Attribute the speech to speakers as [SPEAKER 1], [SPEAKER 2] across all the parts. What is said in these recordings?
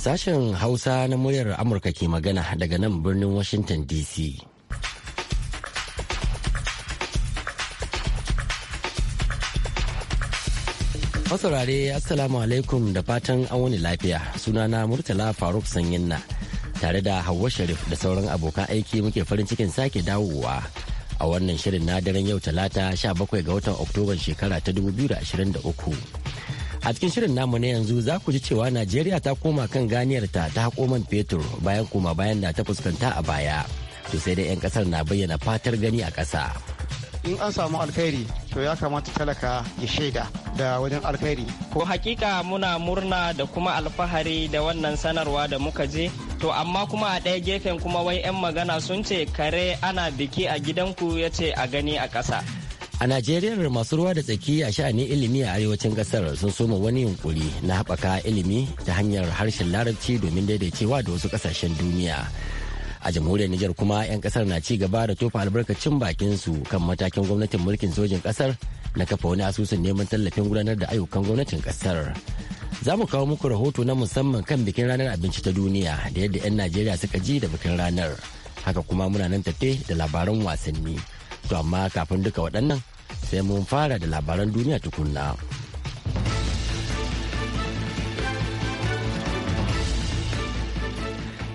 [SPEAKER 1] Sashen Hausa na muryar Amurka ke magana daga nan birnin Washington DC. Masaurare Assalamu alaikum da fatan an wani lafiya sunana Murtala Faruk Sanyinna tare da Hauwa Sharif da sauran abokan aiki muke farin cikin sake dawowa a wannan shirin na daren yau talata 17 ga watan Oktoban shekara ta 2023. a cikin shirin namu na yanzu za ku ji cewa najeriya ta koma kan ganiyar ta ta man fetur bayan koma bayan da ta fuskanta a baya to sai dai 'yan kasar na bayyana fatar gani a ƙasa
[SPEAKER 2] in an samu alkhairi to ya kamata talaka ya shaida da wajen alkhairi
[SPEAKER 1] ko hakika muna murna da kuma alfahari da wannan sanarwa da muka je to amma kuma a ɗaya gefen kuma wai 'yan magana sun ce kare ana biki a gidanku ya ce a gani a ƙasa A Najeriya masu ruwa da tsaki a sha'anin ilimi a arewacin ƙasar sun soma wani yunkuri na haɓaka ilimi ta hanyar harshen larabci domin daidaicewa da wasu ƙasashen duniya. A jamhuriyar Nijar kuma 'yan ƙasar na ci gaba da tofa albarkacin bakin su kan matakin gwamnatin mulkin sojin kasar na kafa wani asusun neman tallafin gudanar da ayyukan gwamnatin ƙasar Za mu kawo muku rahoto na musamman kan bikin ranar abinci ta duniya da yadda 'yan Najeriya suka ji da bikin ranar. Haka kuma muna nan tafe da labaran wasanni. To amma kafin duka waɗannan sai mun fara da labaran duniya tukunna.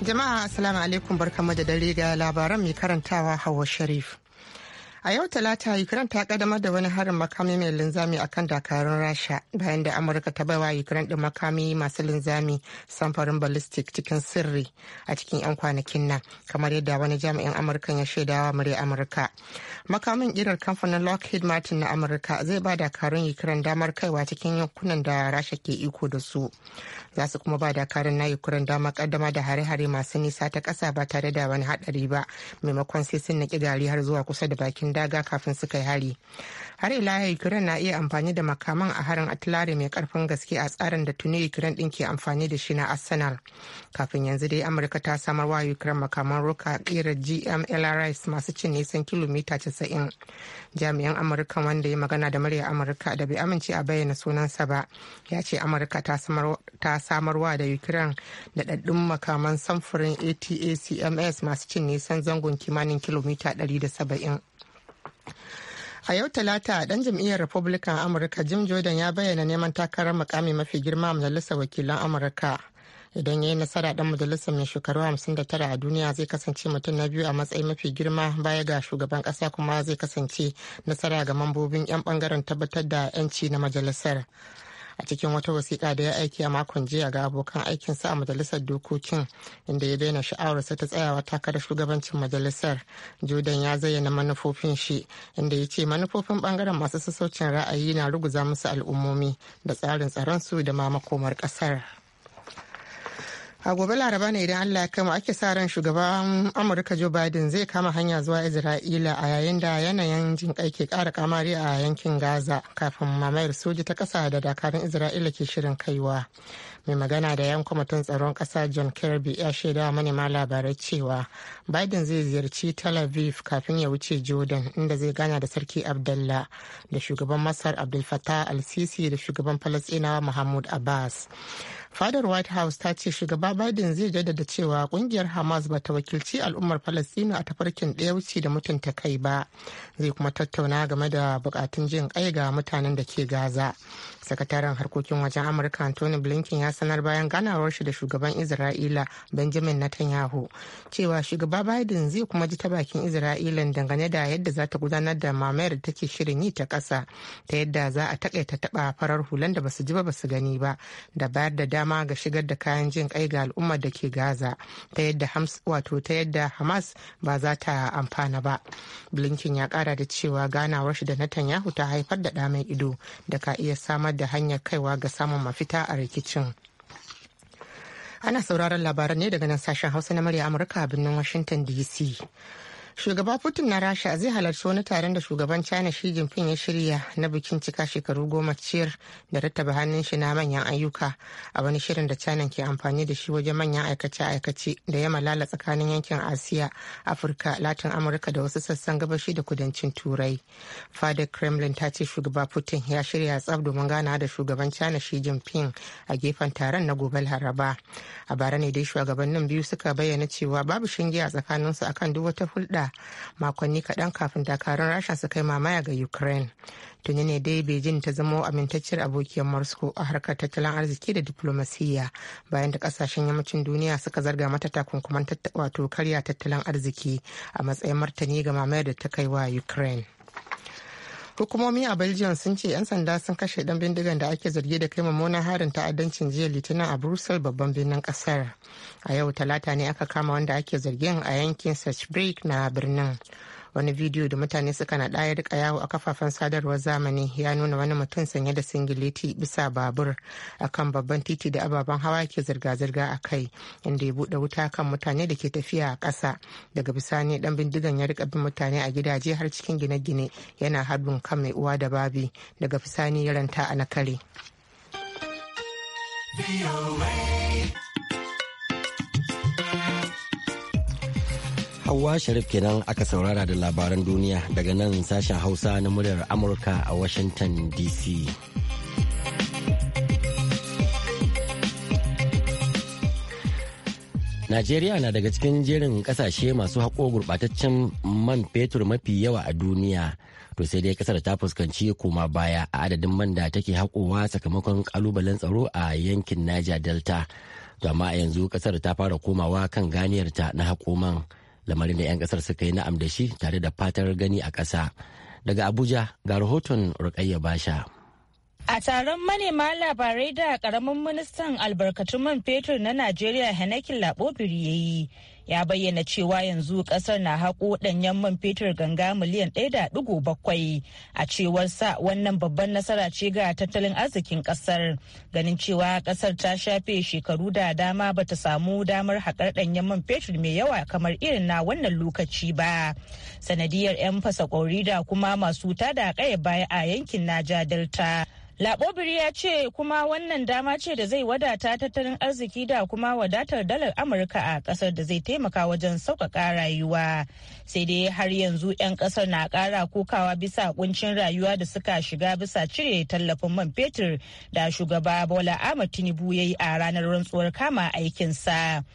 [SPEAKER 3] Jama'a Assalamu alaikum barkamu da dare ga labaran mai karantawa Hauwa Sharif. A yau Talata Ukraine ta kaddamar da wani harin makami mai linzami akan dakarun Rasha bayan da Amurka ta baiwa Ukraine din makami masu linzami samfarin ballistic cikin sirri a cikin 'yan kwanakin nan kamar yadda wani jami'in Amurka ya shaidawa murya Amurka. Makamin irar kamfanin Lockheed Martin na Amurka zai ba dakarun Ukraine damar kaiwa cikin yankunan da Rasha ke iko da su. za su kuma ba dakarun na ukraine dama kaddama da hare-hare masu nisa ta kasa ba tare da wani haɗari ba maimakon sai sun naki gari har zuwa kusa da bakin daga kafin su kai hari har ila ukraine na iya amfani da makaman a harin atilare mai karfin gaske a tsarin da tuni ukraine din ke amfani da shi na arsenal kafin yanzu dai amurka ta samar wa ukraine makaman roka kera gmlrs masu cin nisan kilomita 90 jami'an amurka wanda ya magana da murya amurka da bai amince a bayyana sunansa ba ya ce amurka ta samarwa da ukraine da ɗaɗɗun makaman samfurin atacms masu cin nisan zangon kimanin kilomita 170 a yau talata dan jam'iyyar republican amurka jim jordan ya bayyana neman takarar mukami mafi girma a majalisar wakilan amurka idan ya yi nasara dan majalisa mai shekaru 59 a duniya zai kasance mutum na biyu a matsayin mafi girma baya ga shugaban kasa kuma zai kasance nasara ga mambobin 'yan bangaren tabbatar da 'yanci na majalisar a cikin wata wasiƙa da ya aiki a makon jiya ga abokan aikinsa a majalisar dokokin inda ya daina sha'awarsa ta tsayawa takarar shugabancin majalisar jordan ya zayyana manufofin shi inda ya ce manufofin bangaren masu sassaucin ra'ayi na ruguza musu al'ummomi da tsarin tsaron su da ma makomar ƙasar. a gobe laraba ne idan allah ya kama ake sa ran shugaban amurka joe biden zai kama hanya zuwa isra'ila a yayin da yanayin jin kai ke kara kamari a yankin gaza kafin mamayar soji ta kasa da dakarun isra'ila ke shirin kaiwa mai magana da yan kwamitin tsaron kasa john kirby ya shaida manema labarai cewa biden zai ziyarci tel aviv kafin ya wuce jordan inda zai gana da sarki abdullah da shugaban masar abdul fattah al-sisi da shugaban falasɗinawa mahmud abbas fadar white house ta ce shugaba biden zai jaddada cewa kungiyar hamas ba ta wakilci al'ummar palestina a tafarkin ɗaya wuce da mutunta kai ba zai kuma tattauna game da bukatun jin kai ga mutanen da ke gaza sakataren harkokin wajen amurka anthony blinken ya sanar bayan ganawar shi da shugaban isra'ila benjamin netanyahu cewa shugaba biden zai kuma ji ta bakin isra'ila dangane da yadda za ta gudanar da mamayar da take shirin yi ta ƙasa ta yadda za a taƙaita taɓa farar hulan da ba su ji ba su gani ba da bayar da dama ga shigar da kayan jin kai ga al'ummar da ke gaza ta yadda wato ta yadda hamas ba za ta amfana ba blinken ya kara da cewa ganawar shi da tanyahu ta haifar da ɗa ido da ka iya samar da hanyar kaiwa ga samun mafita a rikicin ana sauraron labaran ne daga nan sashen hausa na murya amurka a birnin washington dc shugaba putin na rasha zai halarci wani taron da shugaban china shi jinping ya shirya na bikin cika shekaru goma ciyar da rattaba hannun shi na manyan ayyuka a wani shirin da china ke amfani da shi wajen manyan aikace-aikace da ya malala tsakanin yankin asiya afirka latin amurka da wasu sassan gabashi da kudancin turai fadar kremlin ta ce shugaba putin ya shirya tsaf domin gana da shugaban china shi jinping a gefen taron na gobe laraba a bara ne dai shugabannin biyu suka bayyana cewa babu shinge a tsakaninsu akan duk wata hulɗa makonni kaɗan kafin dakarun rasha su kai mamaya ga ukraine tuni ne dai beijing ta zama amintacciyar abokiyar moscow a harkar tattalin arziki da diplomasiyya bayan da kasashen yammacin duniya suka zarga mata takunkuman wato karya tattalin arziki a matsayin martani ga mamayar da ta kai wa ukraine hukumomi a belgium sun ce 'yan sanda sun kashe dan bindigan da ake zargi da kai mummunan harin ta'addancin jiya litinin a brussels babban birnin kasar a yau talata ne aka kama wanda ake zargin a yankin sachbrek na birnin wani bidiyo da mutane suka na ɗaya rika yawo a kafafen sadarwar zamani ya nuna wani mutum sanye da singileti bisa babur a kan babban titi da ababen hawa ke zirga-zirga a kai inda ya buɗe wuta kan mutane da ke tafiya a ƙasa daga bisani ɗan bindigan ya rika bin mutane a gidaje har cikin gine-gine yana haɗin kan mai uwa da babi daga bisani ya ranta a nakare.
[SPEAKER 1] Hauwa Sharif kenan aka saurara da labaran duniya daga nan sashen Hausa na muryar Amurka a Washington DC. Najeriya na daga cikin jerin kasashe masu haƙo gurɓataccen man fetur mafi yawa a duniya. To sai dai kasar ta fuskanci koma baya a adadin man da take haƙowa sakamakon ƙalubalen tsaro a yankin Niger Delta. To amma yanzu kasar ta fara komawa kan ganiyarta na haƙo man. lamarin da 'yan kasar suka yi na'am da shi tare da fatar gani a ƙasa daga abuja ga rahoton rukayya basha
[SPEAKER 4] A taron manema labarai da karamin ministan albarkatun man fetur na Najeriya henakin Labobiri ya yi, ya bayyana cewa yanzu kasar na haƙo ɗanyen man fetur ganga miliyan 1.7 a cewar sa wannan babban nasara ce ga tattalin arzikin kasar ganin cewa kasar ta shafe shekaru da dama ba ta samu damar haƙar ɗanyen man fetur mai yawa kamar irin na wannan lokaci ba sanadiyar 'yan fasa da kuma masu tada kaya baya a yankin naja delta Labobiri ya ce kuma wannan dama ce da zai wadata tattalin arziki da kuma wadatar dalar Amurka a kasar da zai taimaka wajen sauƙaƙa rayuwa. Sai dai har yanzu 'yan kasar na ƙara kokawa bisa kuncin rayuwa da suka shiga bisa cire tallafin man fetur da shugaba Bola Ahmed Tinubu ya yi a ranar rantsuwar kama aikinsa.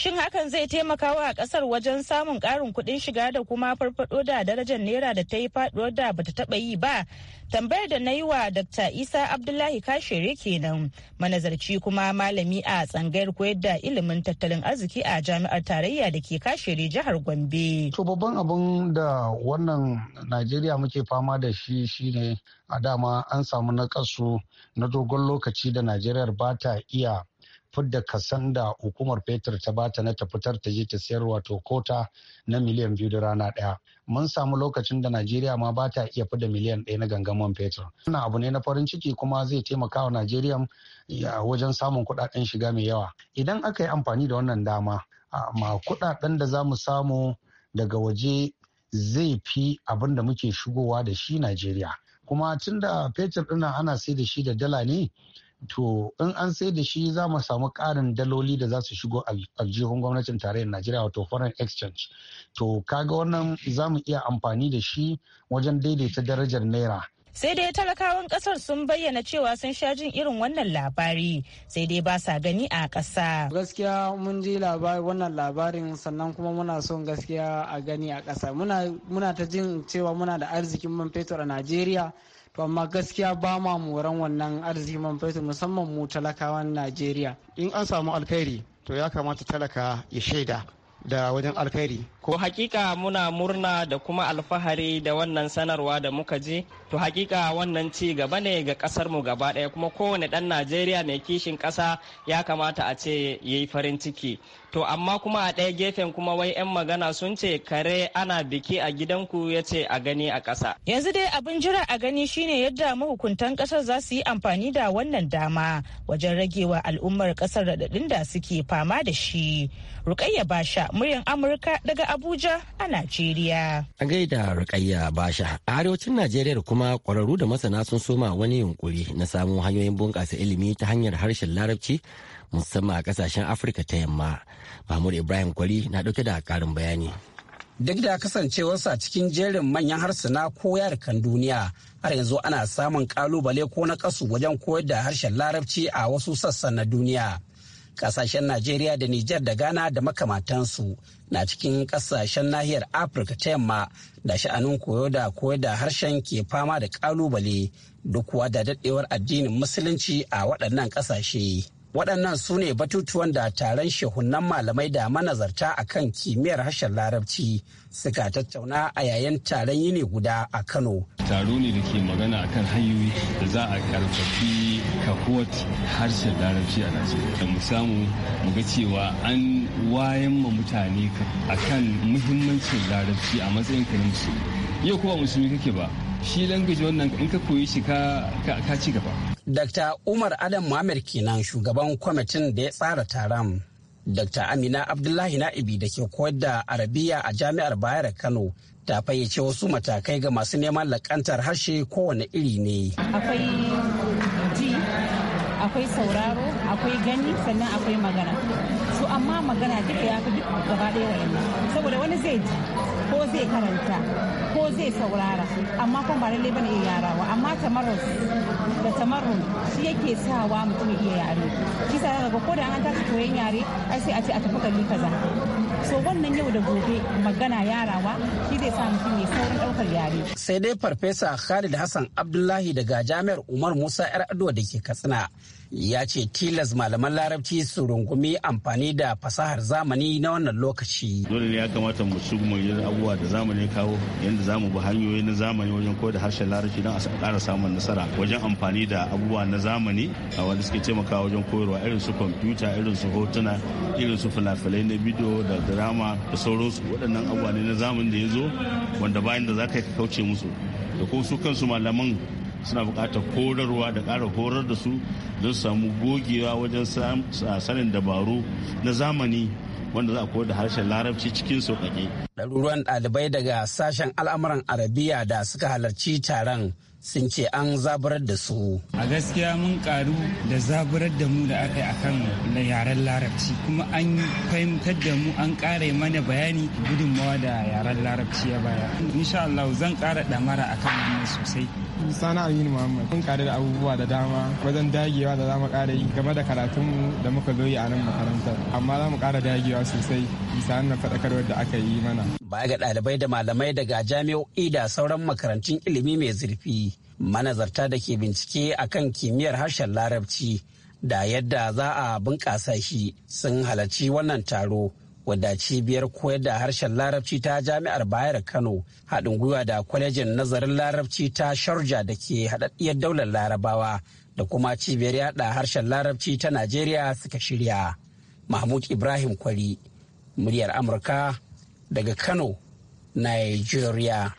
[SPEAKER 4] Shin hakan zai taimaka wa kasar wajen samun karin kuɗin shiga da kuma farfaɗo da darajar naira da ta yi faɗuwar da bata taba yi ba? Tambayar da na yi wa Dr. Isa Abdullahi Kashere kenan manazarci kuma malami a tsangayar koyar da ilimin tattalin arziki a jami'ar tarayya da ke Kashere jihar Gombe.
[SPEAKER 2] To babban abun da wannan Najeriya muke fama da shi shine a dama an samu nakasu na dogon lokaci da Najeriya ba ta iya fidda kasan da hukumar fetur ta bata na ta fitar ta je ta sayar wato kota na miliyan biyu da rana ɗaya. Mun samu lokacin da Najeriya ma ba ta iya da miliyan ɗaya na gangaman fetur. Wannan abu ne na farin ciki kuma zai taimaka wa Najeriya wajen samun kuɗaɗen shiga mai yawa. Idan aka yi amfani da wannan dama, ma kuɗaɗen da za mu samu daga waje zai fi abin da muke shigowa da shi Najeriya. Kuma tunda fetur ɗina ana sai da shi da dala ne, to in an sai da shi za mu samu ƙarin daloli da za su shigo aljihun gwamnatin tarayyar najeriya wato foreign exchange to kaga wannan za mu iya amfani da shi wajen daidaita darajar naira
[SPEAKER 4] sai dai talakawan kasar sun bayyana cewa sun sha jin irin wannan labari sai dai ba sa gani a ƙasa.
[SPEAKER 3] gaskiya mun ji wannan labarin sannan kuma muna son
[SPEAKER 4] gaskiya a gani a ƙasa muna ta jin cewa muna da arzikin man fetur a najeriya
[SPEAKER 1] to amma gaskiya ba ma moran wannan arziki man fetur musamman mu talakawan najeriya
[SPEAKER 2] in an samu alkhairi to ya kamata talaka ya shaida da wajen alkhairi.
[SPEAKER 1] Ko hakika muna murna da kuma alfahari da wannan sanarwa da muka ji. To hakika wannan ci gaba ne ga kasar mu gaba ɗaya kuma kowane ɗan Najeriya mai kishin ƙasa ya kamata a ce ya yi farin ciki. To amma kuma a ɗaya gefen kuma wai 'yan magana sun ce kare ana biki a gidanku ya ce a gani a ƙasa.
[SPEAKER 4] Yanzu dai abin jira a gani shine yadda mahukuntan ƙasar za su yi amfani da wannan dama wajen ragewa al'ummar ƙasar raɗaɗin da suke fama da shi. Rukayya Basha muryar Amurka daga Abuja a Najeriya.
[SPEAKER 1] A gaida Rukayya Basha, a arewacin Najeriya kuma kwararru da masana sun soma wani yunkuri na samun hanyoyin bunƙasa ilimi ta hanyar harshen Larabci
[SPEAKER 5] musamman a ƙasashen Afirka ta yamma. Mahmud Ibrahim Kwari na ɗauke da ƙarin bayani. Duk da kasancewarsa cikin jerin manyan harsuna ko yarukan duniya, har yanzu ana samun ƙalubale ko na kasu wajen koyar da harshen larabci a wasu sassan na duniya. Kasashen Najeriya da Nijar da Ghana da makamatansu na cikin kasashen nahiyar Afirka ta yamma da sha'anin koyo da koyo da harshen ke fama da kalubale duk kuwa da daɗewar addinin musulunci a waɗannan kasashe. waɗannan su ne batutuwan da taron shehunan malamai da manazarta a kan kimiyyar harshen larabci suka tattauna a yayin taron yini guda a kano
[SPEAKER 2] taro ne da ke magana kan hanyoyi da za a ƙarfafi kafuwat harshen larabci a najeriya mu samu mu ga cewa an wayan ma mutane akan
[SPEAKER 5] muhimmancin larabci a matsayin ka musulmi yau kuma musulmi kake ba shi langaji wannan in ka koyi shi ka ci gaba Dr. Umar Adam Muhammad kenan shugaban kwamitin da ya tsara taron. Dr. Amina Abdullahi Na'ibi da ke koyar da Arabiya a Jami'ar Bayar Kano ta fayyace wasu matakai ga masu neman lakantar harshe kowane
[SPEAKER 4] iri ne. Akwai akwai sauraro akwai gani sannan akwai magana su amma magana duka ya fi gaba ɗaya saboda wani zai ji ko zai karanta ko zai saurara amma kuma ba lallai bane iya yarawa amma tamarus da tamarun shi yake sawa mutum iya yare kisa daga ko da an tashi koyon yare ai sai a ce a tafi kalli kaza so wannan yau da gobe magana yarawa shi zai sa mutum ya saurin ɗaukar yare
[SPEAKER 5] sai dai farfesa Khalid Hassan Abdullahi daga jami'ar Umar Musa 'yar Adwa da ke Katsina ya ce tilas malaman larabci su rungumi amfani da fasahar zamani na wannan lokaci.
[SPEAKER 6] Dole ne ya kamata mu su yin abubuwa da zamani kawo yadda za mu bi hanyoyi na zamani wajen koyar da harshen larabci don a ƙara samun nasara wajen amfani da abubuwa na zamani a wanda suke taimakawa wajen koyarwa irin su kwamfuta irin su hotuna irin su fina-finai na bidiyo da drama da sauransu waɗannan abubuwa ne na zamani da ya zo wanda bayan da za ka kauce musu da kuma su kansu malaman suna bukatar horarwa da ƙara horar da su don samu gogewa wajen
[SPEAKER 5] sanin dabaru na zamani wanda za a koyar da harshen larabci cikin sauƙaƙe. Ɗaruruwan ɗalibai daga sashen al'amuran arabiya da suka halarci taron sun ce an zaburar da su. A gaskiya mun karu da zaburar da mu da aka yi a kan yaren larabci kuma an fahimtar da mu an ƙara mana bayani gudunmawa
[SPEAKER 2] da yaren larabci ya baya. Insha Allah zan ƙara ɗamara a kan sosai. Sana Aminu Muhammad. Mun kare da abubuwa da dama wajen dagewa da za mu kara yi game da karatun mu da muka zo yi a nan makarantar. Amma za mu kara dagewa sosai bisa wannan faɗakarwar da aka yi mana.
[SPEAKER 5] Baya ga ɗalibai da malamai daga jami'o'i da sauran makarantun ilimi mai zurfi. Manazarta da ke bincike akan kimiyyar harshen Larabci da yadda za a bunƙasa shi sun halarci wannan taro wadda cibiyar koyar da harshen larabci ta jami'ar bayar kano haɗin gwiwa da kwalejin nazarin larabci ta sharja da ke haɗaɗɗiyar daular larabawa da kuma cibiyar yaɗa harshen larabci ta najeriya suka shirya mahmud ibrahim kwari muryar amurka daga kano nigeria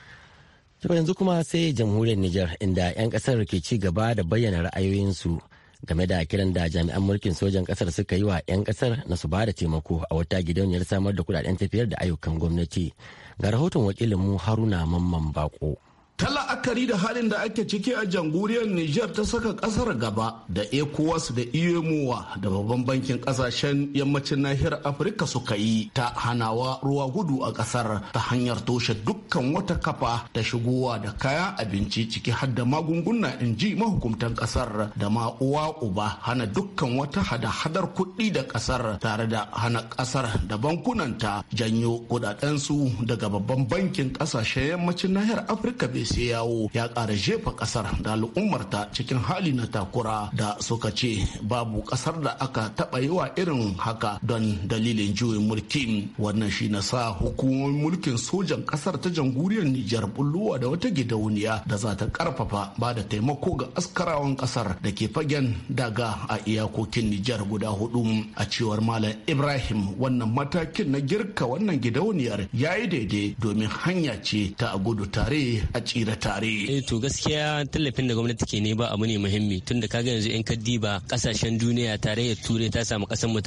[SPEAKER 5] to yanzu kuma sai jamhuriyar niger inda
[SPEAKER 1] 'yan kasar ke ci gaba da bayyana ra'ayoyinsu game da kiran da jami'an mulkin sojan kasar suka yi wa 'yan kasar na su bada taimako a wata gidauniyar samar da kudaden tafiyar da ayyukan gwamnati ga rahoton wakilinmu haruna mamman bako
[SPEAKER 6] ta la'akari da halin da ake ciki a jamhuriyar Nijar ta saka kasar gaba da ECOWAS da emua da babban bankin kasashen yammacin nahiyar Afirka suka yi ta hanawa ruwa gudu a kasar ta hanyar toshe dukkan wata kafa ta shigowa da kayan abinci ciki har da magunguna in ji mahukumtan kasar da ma uwa uba hana dukkan wata hada-hadar kuɗi da kasar tare da hana kasar da bankunanta janyo kudadensu daga babban bankin kasashen yammacin nahiyar Afirka bai sai yawo ya kara jefa kasar da al'ummarta cikin hali na takura da suka ce babu kasar da aka taɓa yi wa irin haka don dalilin juyin mulki wannan shi na sa hukumomin mulkin sojan kasar ta jamhuriyar Nijar bulluwa da wata gidauniya da za ta karfafa ba da taimako ga askarawan kasar da ke fagen daga a iyakokin Nijar guda hudu a cewar Malam Ibrahim wannan matakin na girka wannan gidauniyar ya yi daidai domin hanya ce ta gudu tare a ci. tsira tare. Eh
[SPEAKER 1] to gaskiya tallafin da gwamnati ke ne ba abu ne muhimmi tunda kaga yanzu yan kaddi ba kasashen duniya ya turai ta samu kasan mu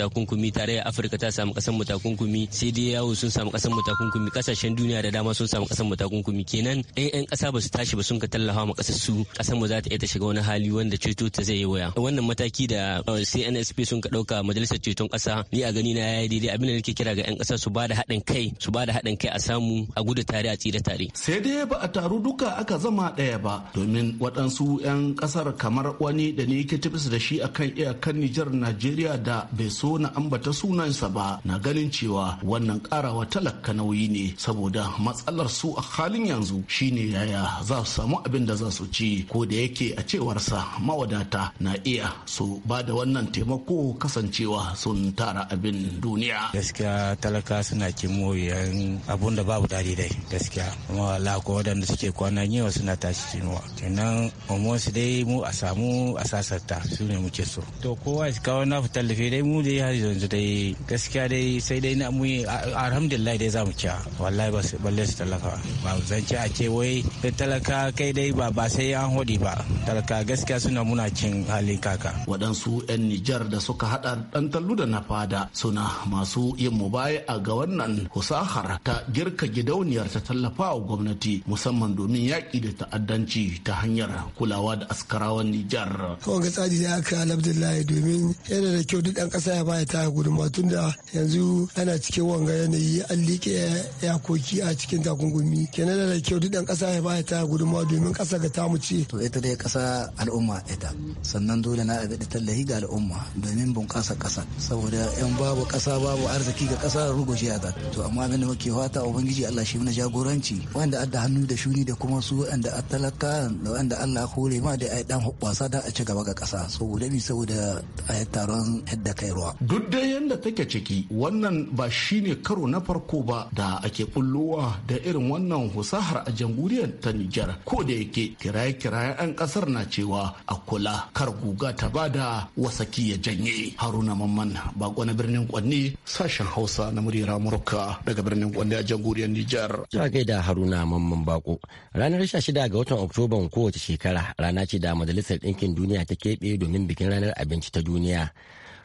[SPEAKER 1] tare ya afirka ta samu kasan mu takunkumi sai dai yawo sun samu kasan takunkumi kasashen duniya da dama sun samu kasan takunkumi kenan ɗan yan kasa ba su tashi ba sun ka tallafa ma kasar su kasan mu za ta iya ta shiga wani hali wanda ceto ta zai yi waya. Wannan mataki da uh, CNSP sun ka ɗauka majalisar ceton kasa ni a gani na yayi daidai abin da nake kira ga yan kasa su ba da haɗin kai su ba da haɗin kai a samu a gudu tare a tsira tare.
[SPEAKER 6] Sai dai ba a taru duka duka aka zama ɗaya ba domin waɗansu 'yan ƙasar kamar wani da ne ke tafisa da shi akan iyakar Nijar Najeriya da bai so na ambata sunansa ba na ganin cewa wannan ƙarawa talaka nauyi ne saboda matsalar su a halin yanzu shine yaya za su samu abin da za su ci ko da yake a cewarsa mawadata na iya su ba da wannan taimako kasancewa sun tara abin duniya. Gaskiya talaka suna kimoyiyan abun
[SPEAKER 5] da babu dadi dai gaskiya kuma wala ko waɗanda suke kwana yawa suna tashi cinuwa kenan almost dai mu a samu a sasarta su ne muke so to kowa ya kawo na tallafi dai mu dai har yanzu dai gaskiya dai sai dai na mu alhamdulillah dai zamu ci wallahi ba su balle su talaka ba zance a ce wai talaka kai dai ba ba sai an hodi
[SPEAKER 6] ba talaka gaskiya suna muna cin halin kaka waɗansu 'yan Nijar da suka haɗa ɗan tallu da nafada suna masu yin mubaya ga wannan husahar ta girka gidauniyar ta tallafa wa gwamnati musamman domin domin yaƙi da ta'addanci ta hanyar kulawa da askarawan Nijar.
[SPEAKER 2] ga tsari da aka alhamdulillah domin yana da kyau duk ɗan ƙasa ya baya ta gudunmawa tun da yanzu ana cikin wanga yanayi an liƙe yakoki a cikin takungumi. Kenan yana da kyau duk ɗan ƙasa ya baya ta guduma domin ƙasa ga tamu ce. To
[SPEAKER 6] ita dai ƙasa al'umma ita sannan dole na da tallafi ga al'umma domin bunƙasa ƙasa saboda 'yan babu ƙasa babu arziki ga ƙasa rugushe ta. To amma abin da muke fata Ubangiji Allah shi mana jagoranci wanda adda hannu da shuni da kuma su wanda a talaka da wanda Allah hore ma da ai dan hukwasa da a ci gaba ga kasa saboda ni saboda ai taron hidda kai ruwa duk dai yanda take ciki wannan ba shine karo na farko ba da ake kullowa da irin wannan husahar a jamhuriyar ta Nijar ko da yake kiraye-kiraye an kasar na cewa a kula kar guga ta bada wasaki ya janye Haruna Mamman bako na birnin Kwanni sashen Hausa na muryar Amurka daga birnin Kwanni a jamhuriyar
[SPEAKER 1] Nijar. Za da Haruna Mamman bako Ranar 16 ga watan Oktoba kowace shekara rana ce da Majalisar Ɗinkin Duniya ta keɓe domin bikin ranar abinci ta duniya.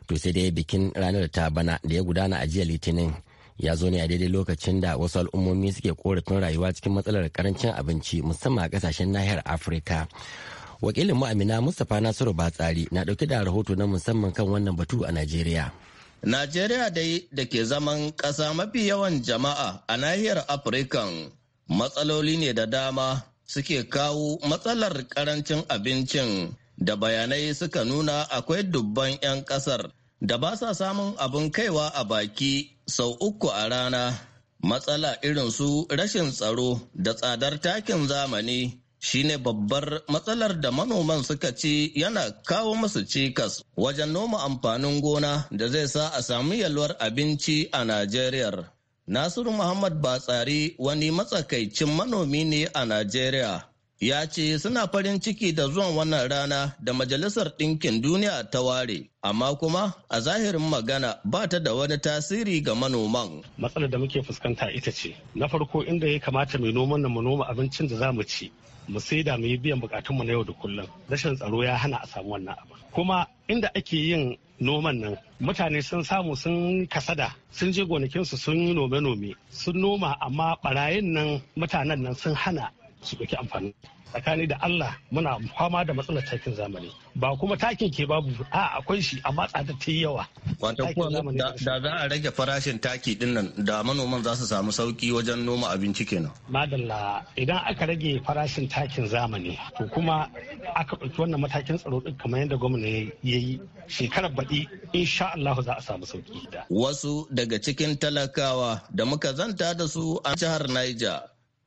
[SPEAKER 1] To sai dai bikin ranar ta bana da ya gudana a jiya Litinin ya zo ne a daidai lokacin da wasu al'ummomi suke korafin rayuwa cikin matsalar karancin abinci musamman a kasashen nahiyar Afirka. Wakilin mu Mustapha Nasiru Batsari na ɗauki da rahoto na musamman kan wannan batu a Najeriya.
[SPEAKER 7] Najeriya dai da ke zaman ƙasa mafi yawan jama'a a nahiyar Afirka matsaloli ne da dama suke kawo matsalar karancin abincin da bayanai suka nuna akwai dubban 'yan kasar da ba sa samun abin kaiwa a baki sau uku a rana matsala irin su rashin tsaro da tsadar takin zamani shine babbar matsalar da manoman suka ce yana kawo musu cikas wajen noma amfanin gona da zai sa a samu yalwar abinci a Najeriya. Nasiru Muhammad Batsari wani matsakaicin manomi ne a Najeriya. Ya ce suna farin ciki da zuwan wannan rana da Majalisar Ɗinkin Duniya ta ware, amma kuma a zahirin magana ba ta da wani tasiri ga manoman. Matsalar da muke fuskanta ita ce,
[SPEAKER 6] na farko inda ya kamata mai noman na mu noma abincin da za mu ci, mu saida mu yi biyan bukatunmu na yau da kullum rashin tsaro ya hana a samu wannan abu kuma inda ake yin noman nan mutane sun samu sun kasada sun je gonakinsu sun yi nome-nome sun noma amma barayin nan mutanen nan sun hana su ɗauki amfani tsakani da Allah muna fama da matsalar takin zamani ba kuma takin ke babu a akwai shi amma tsada ta yi yawa wato da
[SPEAKER 7] za a rage farashin taki din da manoman za su samu sauki wajen noma abinci kenan
[SPEAKER 6] madalla idan aka rage farashin takin zamani to kuma
[SPEAKER 2] aka ɗauki wannan matakin tsaro din kamar yadda gwamnati ya yi shekarar baɗi insha Allah
[SPEAKER 4] za a samu sauki da
[SPEAKER 7] wasu daga cikin talakawa da muka zanta da su a jihar Niger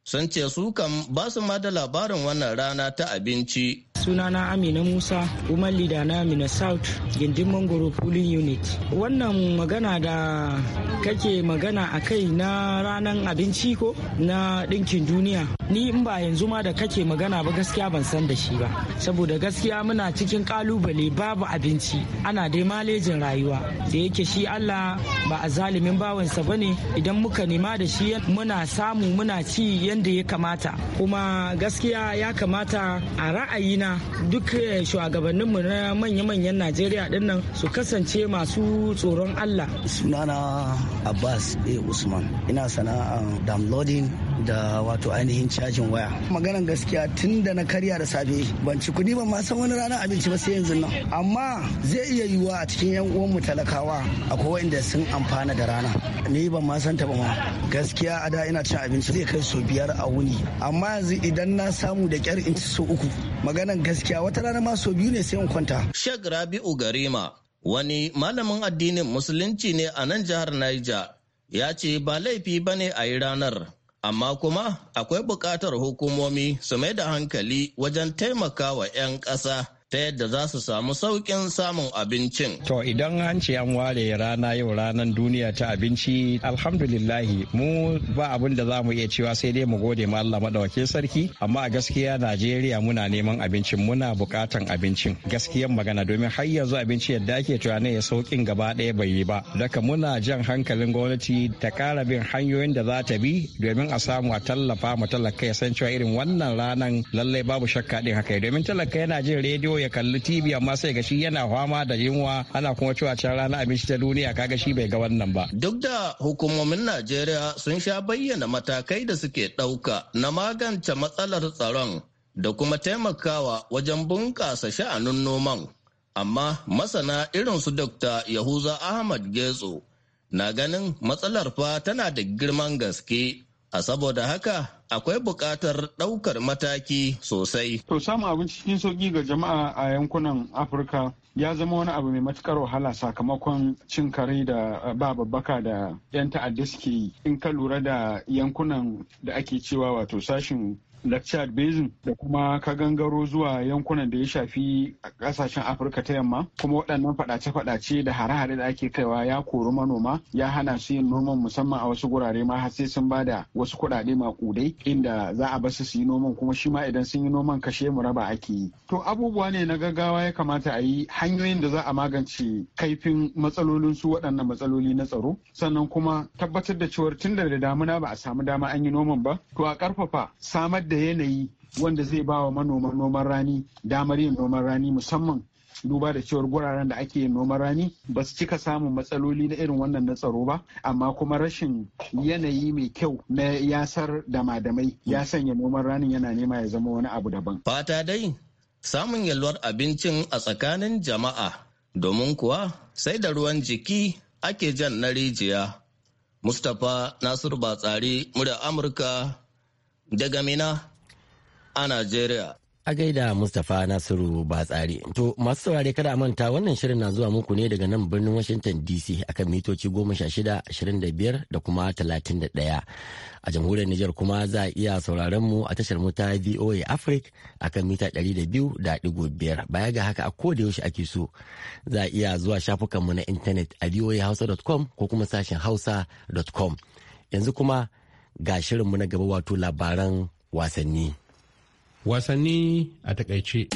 [SPEAKER 7] sun ce su kan ba su ma da labarin wannan rana ta abinci.
[SPEAKER 4] Sunana Amina Musa, Umar na Amina South, gindin Mangoro pulling Unit. Wannan magana da kake magana a kai na ranar abinci ko na ɗinkin duniya. Ni in ba yanzu ma da kake magana ba gaskiya ban san da shi ba. Saboda gaskiya muna cikin kalubale babu abinci, ana dai malejin rayuwa. Da yake shi Allah ba a zalimin bawansa ba ne idan muka nema da shi muna samu muna ci yadda ya kamata kuma gaskiya ya kamata a ra'ayina duk eh, shugabanninmu na manya-manyan najeriya dinnan su kasance masu tsoron allah sunana abbas
[SPEAKER 6] a usman ina
[SPEAKER 4] sana'a downloading
[SPEAKER 6] da wato ainihin cajin waya maganan gaskiya tun da na karya da safe ban ci kudi ban ma san wani ranar abinci ba sai yanzu nan amma zai iya yiwuwa a cikin yan uwanmu talakawa akwai wanda sun amfana da rana ni ban ma san ma gaskiya a da ina cin abinci zai kai so biyar biyar a wuni amma yanzu idan na samu da kyar inci so uku maganan gaskiya wata rana ma so biyu ne sai in kwanta shek
[SPEAKER 7] rabi'u garima wani malamin addinin musulunci ne a nan jihar naija ya ce ba laifi ba ne a yi ranar amma kuma akwai buƙatar hukumomi su mai da hankali wajen taimaka wa 'yan ƙasa ta yadda za su samu saukin samun abincin.
[SPEAKER 5] To idan an ce an ware rana yau ranar duniya ta abinci alhamdulillahi mu ba abin da za mu iya cewa sai dai mu gode ma Allah madawakin sarki amma a gaskiya Najeriya muna neman abincin muna bukatan abincin gaskiyan magana domin har yanzu abinci yadda ake tunani ya sauƙin gaba ɗaya bai yi ba daga muna jan hankalin gwamnati ta ƙara bin hanyoyin da za ta bi domin a samu a tallafa mu talaka ya san cewa irin wannan ranan lallai babu shakka ɗin haka domin talaka yana jin rediyo ya kalli tv amma sai ga shi yana fama da yunwa ana kuma cewa can rana abinci ta duniya kaga shi bai ga wannan ba duk da hukumomin najeriya sun sha bayyana matakai
[SPEAKER 7] da suke ɗauka na magance matsalar tsaron da kuma taimakawa wajen bunƙasa sha'anin noman amma masana irin su dr yahuza ahmad getso na ganin matsalar fa tana da girman gaske a saboda haka akwai bukatar ɗaukar mataki sosai. To samun
[SPEAKER 2] abinci cikin sauƙi ga jama'a a yankunan Afirka ya zama wani abu mai matukar wahala sakamakon cin kare da eh, ba babbaka da 'yan ta'adda suke yi in ka lura da yankunan da ake cewa wato sashin lake chad basin da kuma ka gangaro zuwa yankunan da ya shafi kasashen afirka ta yamma kuma waɗannan faɗace-faɗace da hare-hare da ake kaiwa ya kori manoma ya hana su yin noman musamman a wasu gurare ma har sai sun ba da wasu kuɗaɗe maƙudai inda za a basu su yi noman kuma shi ma idan sun yi noman kashe mu raba ake yi to abubuwa ne na gaggawa ya kamata a yi hanyoyin da za a magance kaifin matsalolin su waɗannan matsaloli na tsaro sannan kuma tabbatar da cewar tun da damuna ba a samu dama an yi noman ba to a ƙarfafa samar da yanayi wanda zai ba wa manoman noman rani damar yin noman rani musamman duba da cewar guraren da ake yin noman rani ba su cika samun matsaloli na irin wannan na tsaro ba amma kuma rashin yanayi mai kyau na yasar damadamai ya sanya noman ranin yana nema ya zama wani abu daban fata dai
[SPEAKER 7] samun yalwar abincin a tsakanin jama'a domin kuwa sai da ruwan jiki ake jan na rijiya mustapha nasiru batsari murya amurka daga Mina a Najeriya.
[SPEAKER 1] A gaida Mustapha Nasiru Batsari. To masu saurare kada a manta wannan shirin na zuwa muku ne daga nan birnin Washington DC akan mitoci goma sha shida, ashirin da biyar da kuma talatin da ɗaya. A jamhuriyar Nijar kuma za a iya sauraron mu a tashar ta VOA Africa akan mita ɗari da biyu da ɗigo biyar. Baya ga haka a koda yaushe ake so za a iya zuwa shafukanmu na intanet a voahausa.com ko kuma sashen hausa.com. Yanzu kuma ga shirinmu na gaba wato labaran wasanni. Wasanni a takaice.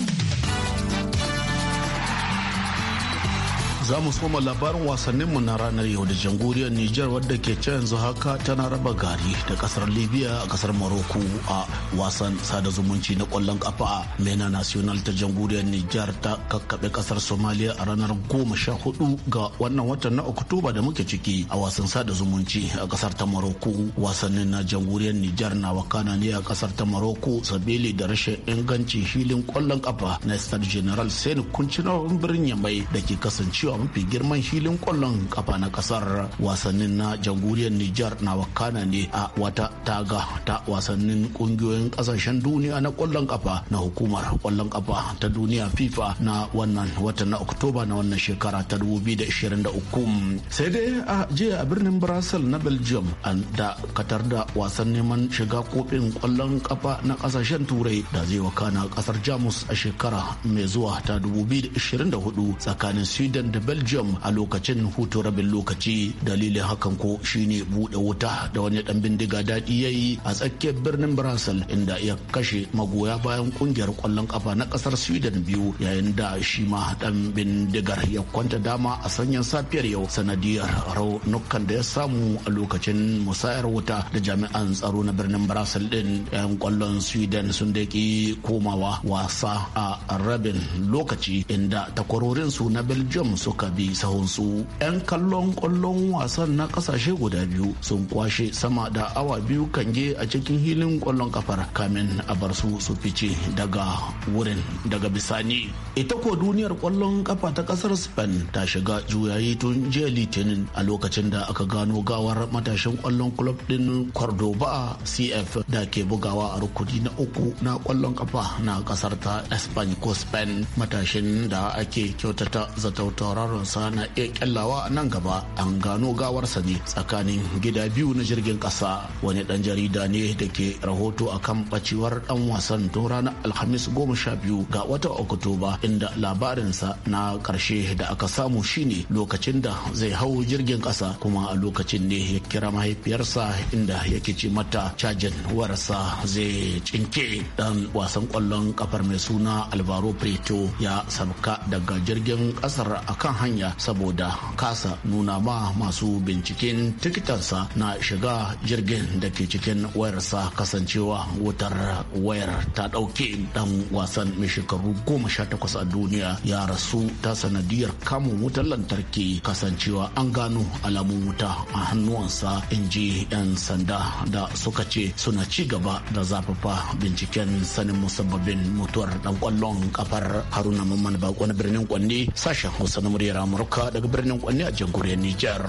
[SPEAKER 6] za mu soma labarin mu na ranar yau da jamhuriyar Nijar wadda ke can yanzu haka tana raba gari da kasar Libya a kasar Morocco a wasan sada zumunci na kwallon kafa a Mena National ta jamhuriyar Nijar ta kakkaɓe kasar Somalia a ranar goma sha hudu ga wannan watan na Oktoba da muke ciki a wasan sada zumunci a kasar ta Morocco wasannin na jamhuriyar Nijar na wakana ne a kasar ta Morocco sabili da rashin ingancin filin kwallon kafa na Stade General Sani Kuncina birnin Yamai da ke kasancewa mafi girman filin kwallon kafa na kasar wasannin na jamhuriyar Nijar na wakana ne a wata taga ta wasannin kungiyoyin kasashen duniya na kwallon kafa na hukumar kwallon kafa ta duniya FIFA na wannan wata na Oktoba na wannan shekara ta 2023 sai dai a jiya a birnin Brussels na Belgium an da katar da wasan neman shiga kofin kwallon kafa na kasashen turai da zai wakana kasar Jamus a shekara mai zuwa ta 2024 tsakanin Sweden da belgium a lokacin hutu rabin lokaci dalilin hakan ko shine bude wuta da wani dan bindiga daɗi ya yi a tsakiyar birnin brussels inda ya kashe magoya bayan kungiyar kwallon kafa na kasar sweden biyu yayin da shi ma dan bindigar ya kwanta dama a sanyin safiyar yau sanadiyar raunukan da ya samu a lokacin musayar wuta da jami'an tsaro na birnin brussels din yan kwallon sweden sun daki komawa wasa a rabin lokaci inda takwarorin su na belgium su suka bi sahunsu 'yan kallon kwallon wasan na kasashe guda biyu sun kwashe sama da awa biyu kange a cikin hilin kwallon kafar kamin a bar su su fice daga wurin daga bisani ita ko duniyar kwallon kafa ta kasar spain ta shiga juyayi tun jiya litinin a lokacin da aka gano gawar matashin kwallon club din cordoba cf da ke bugawa a rukuni na uku na kwallon kafa na kasar ta spain ko spain matashin da ake kyautata zatautara sa na iya kyallawa a nan gaba an gano gawarsa ne tsakanin gida biyu na jirgin kasa wani dan jarida ne da ke rahoto a kan bacewar dan wasan tun ranar alhamis goma sha biyu ga watan oktoba inda labarinsa na karshe da aka samu shine lokacin da zai hau jirgin kasa kuma a lokacin ne ya kira mahaifiyarsa inda yake ce mata cajin warsa zai cinke dan wasan kwallon kafar mai suna alvaro preto ya sabka daga jirgin kasar akan hanya saboda kasa nuna ma masu binciken tikitarsa na shiga jirgin da ke cikin wayarsa kasancewa wutar wayar ta ɗauke ɗan wasan mai shekaru goma sha takwas a duniya ya rasu ta sanadiyar kamun wutar lantarki kasancewa an gano alamun wuta a hannuwansa in ji 'yan sanda da suka ce suna ci gaba da zafafa binciken sanin musabbabin mutuwar dan kwallon kafar haruna mamman bakon na birnin kwanne sashen hausa na muryar amurka daga birnin kwanne a jamhuriyar
[SPEAKER 1] nijar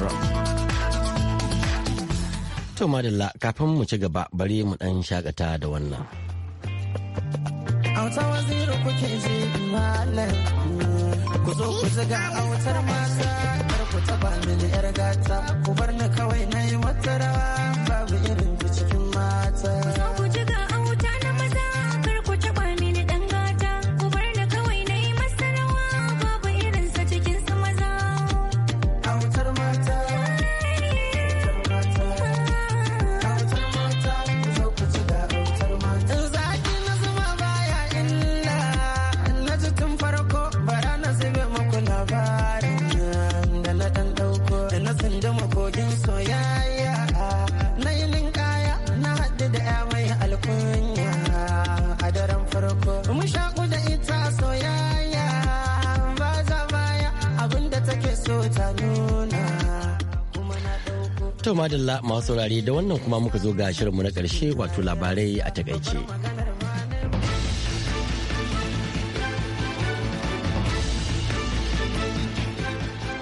[SPEAKER 1] to madalla kafin mu ci gaba bari mu ɗan shakata da wannan auta waziri kuke ji malam ku zo ku zuga autar mata kar ku taba mini yar gata ku bar ni kawai na yi wata rawa babu irin cikin mata To madalla masu saurare da wannan kuma muka zo ga shirinmu na karshe wato labarai a takaice.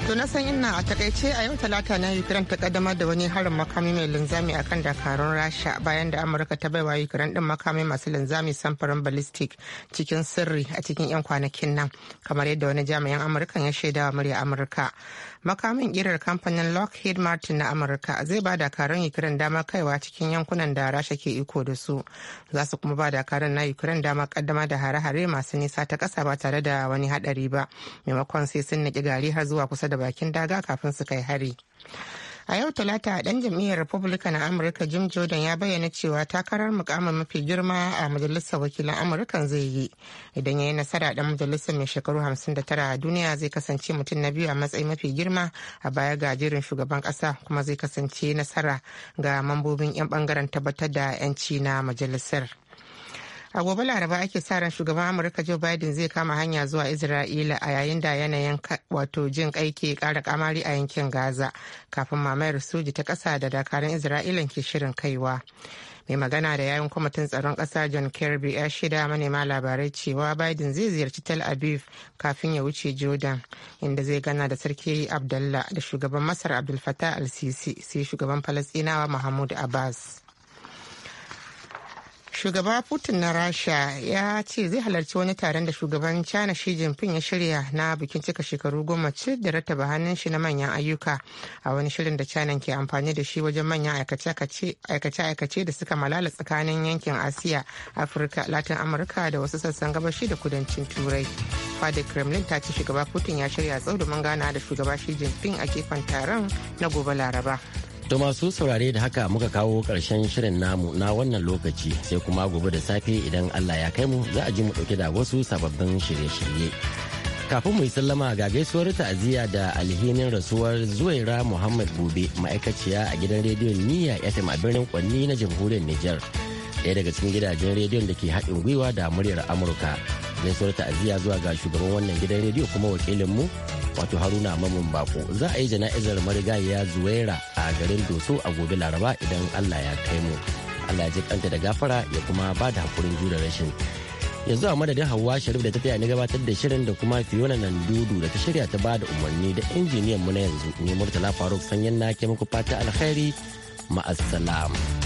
[SPEAKER 3] To na san ina a takaice a yau talata na Ukraine ta kaddamar da wani harin makami mai linzami akan dakarun Rasha bayan da Amurka ta baiwa Ukraine din makami masu linzami samfurin ballistic cikin sirri a cikin 'yan kwanakin nan kamar yadda wani jami'in Amurkan ya shaidawa murya Amurka. makamin irar kamfanin lockheed martin na amurka zai ba dakarun ukraine damar kaiwa cikin yankunan da rasha ke iko da su za su kuma ba dakarun na ukraine damar kaddama da hare-hare masu nisa ta kasa ba tare da wani hadari ba maimakon sai sun naki gari har zuwa kusa da bakin daga kafin su kai hari a yau talata dan jam'iyyar republican a amurka jim jordan ya bayyana cewa takarar mukamin mafi girma a majalisar wakilin amurkan zai yi idan ya yi nasara dan majalisa mai shekaru 59 a duniya zai kasance mutum na biyu a matsayi mafi girma a baya ga jerin shugaban kasa kuma zai kasance nasara ga mambobin 'yan bangaren tabbatar da 'yanci na majalisar. a gobe laraba ake sa ran shugaban amurka joe biden zai kama hanya zuwa isra'ila a yayin da yanayin wato jin kai ke kara kamari a yankin gaza kafin mamayar soji ta kasa da dakarun isra'ila ke shirin kaiwa mai magana da yayin kwamitin tsaron kasa john kirby ya shida manema labarai cewa biden zai ziyarci tel aviv kafin ya wuce jordan inda zai gana da sarki abdallah da shugaban masar abdulfatah al-sisi sai shugaban falastinawa mahmud abbas shugaba putin na rasha ya ce zai halarci wani taron da shugaban china shi jinping ya shirya na bikin cika shekaru goma ce da rattaba hannun shi na manyan ayyuka a wani shirin da china ke amfani da shi wajen manyan aikace-aikace da suka malala tsakanin yankin asiya afirka latin amurka da wasu sassan gabashi da kudancin turai fadar kremlin ta ce shugaba putin ya shirya tsau domin gana da shugaba shi jinping a gefen taron na gobe laraba
[SPEAKER 1] To masu saurare da haka muka kawo ƙarshen shirin namu na wannan lokaci sai kuma gobe da safe idan Allah ya kai mu za a ji mu ɗauke da wasu sababbin shirye-shirye. Kafin mu yi sallama ga gaisuwar ta'aziyya da alhinin rasuwar Zuwaira Muhammad Gobe ma'aikaciya a gidan rediyon Niyya FM a birnin Kwanni na jamhuriyar Nijar. Ɗaya daga cikin gidajen rediyon da ke haɗin gwiwa da muryar Amurka. zai gaisuwar ta'aziyya zuwa ga shugaban wannan gidan rediyo kuma wakilin mu wato haruna mamun bako za a yi jana'izar marigayiya zuwaira a garin doso a gobe laraba idan allah ya kai mu allah ji kanta da gafara ya kuma ba da hakurin jure rashin yanzu a madadin hawa sharif da ta taya ni gabatar da shirin da kuma fiona nan dudu da ta shirya ta ba da umarni da injiniyan mu na yanzu ne murtala faruk sanyin na ke muku fata alkhairi ma'assalam.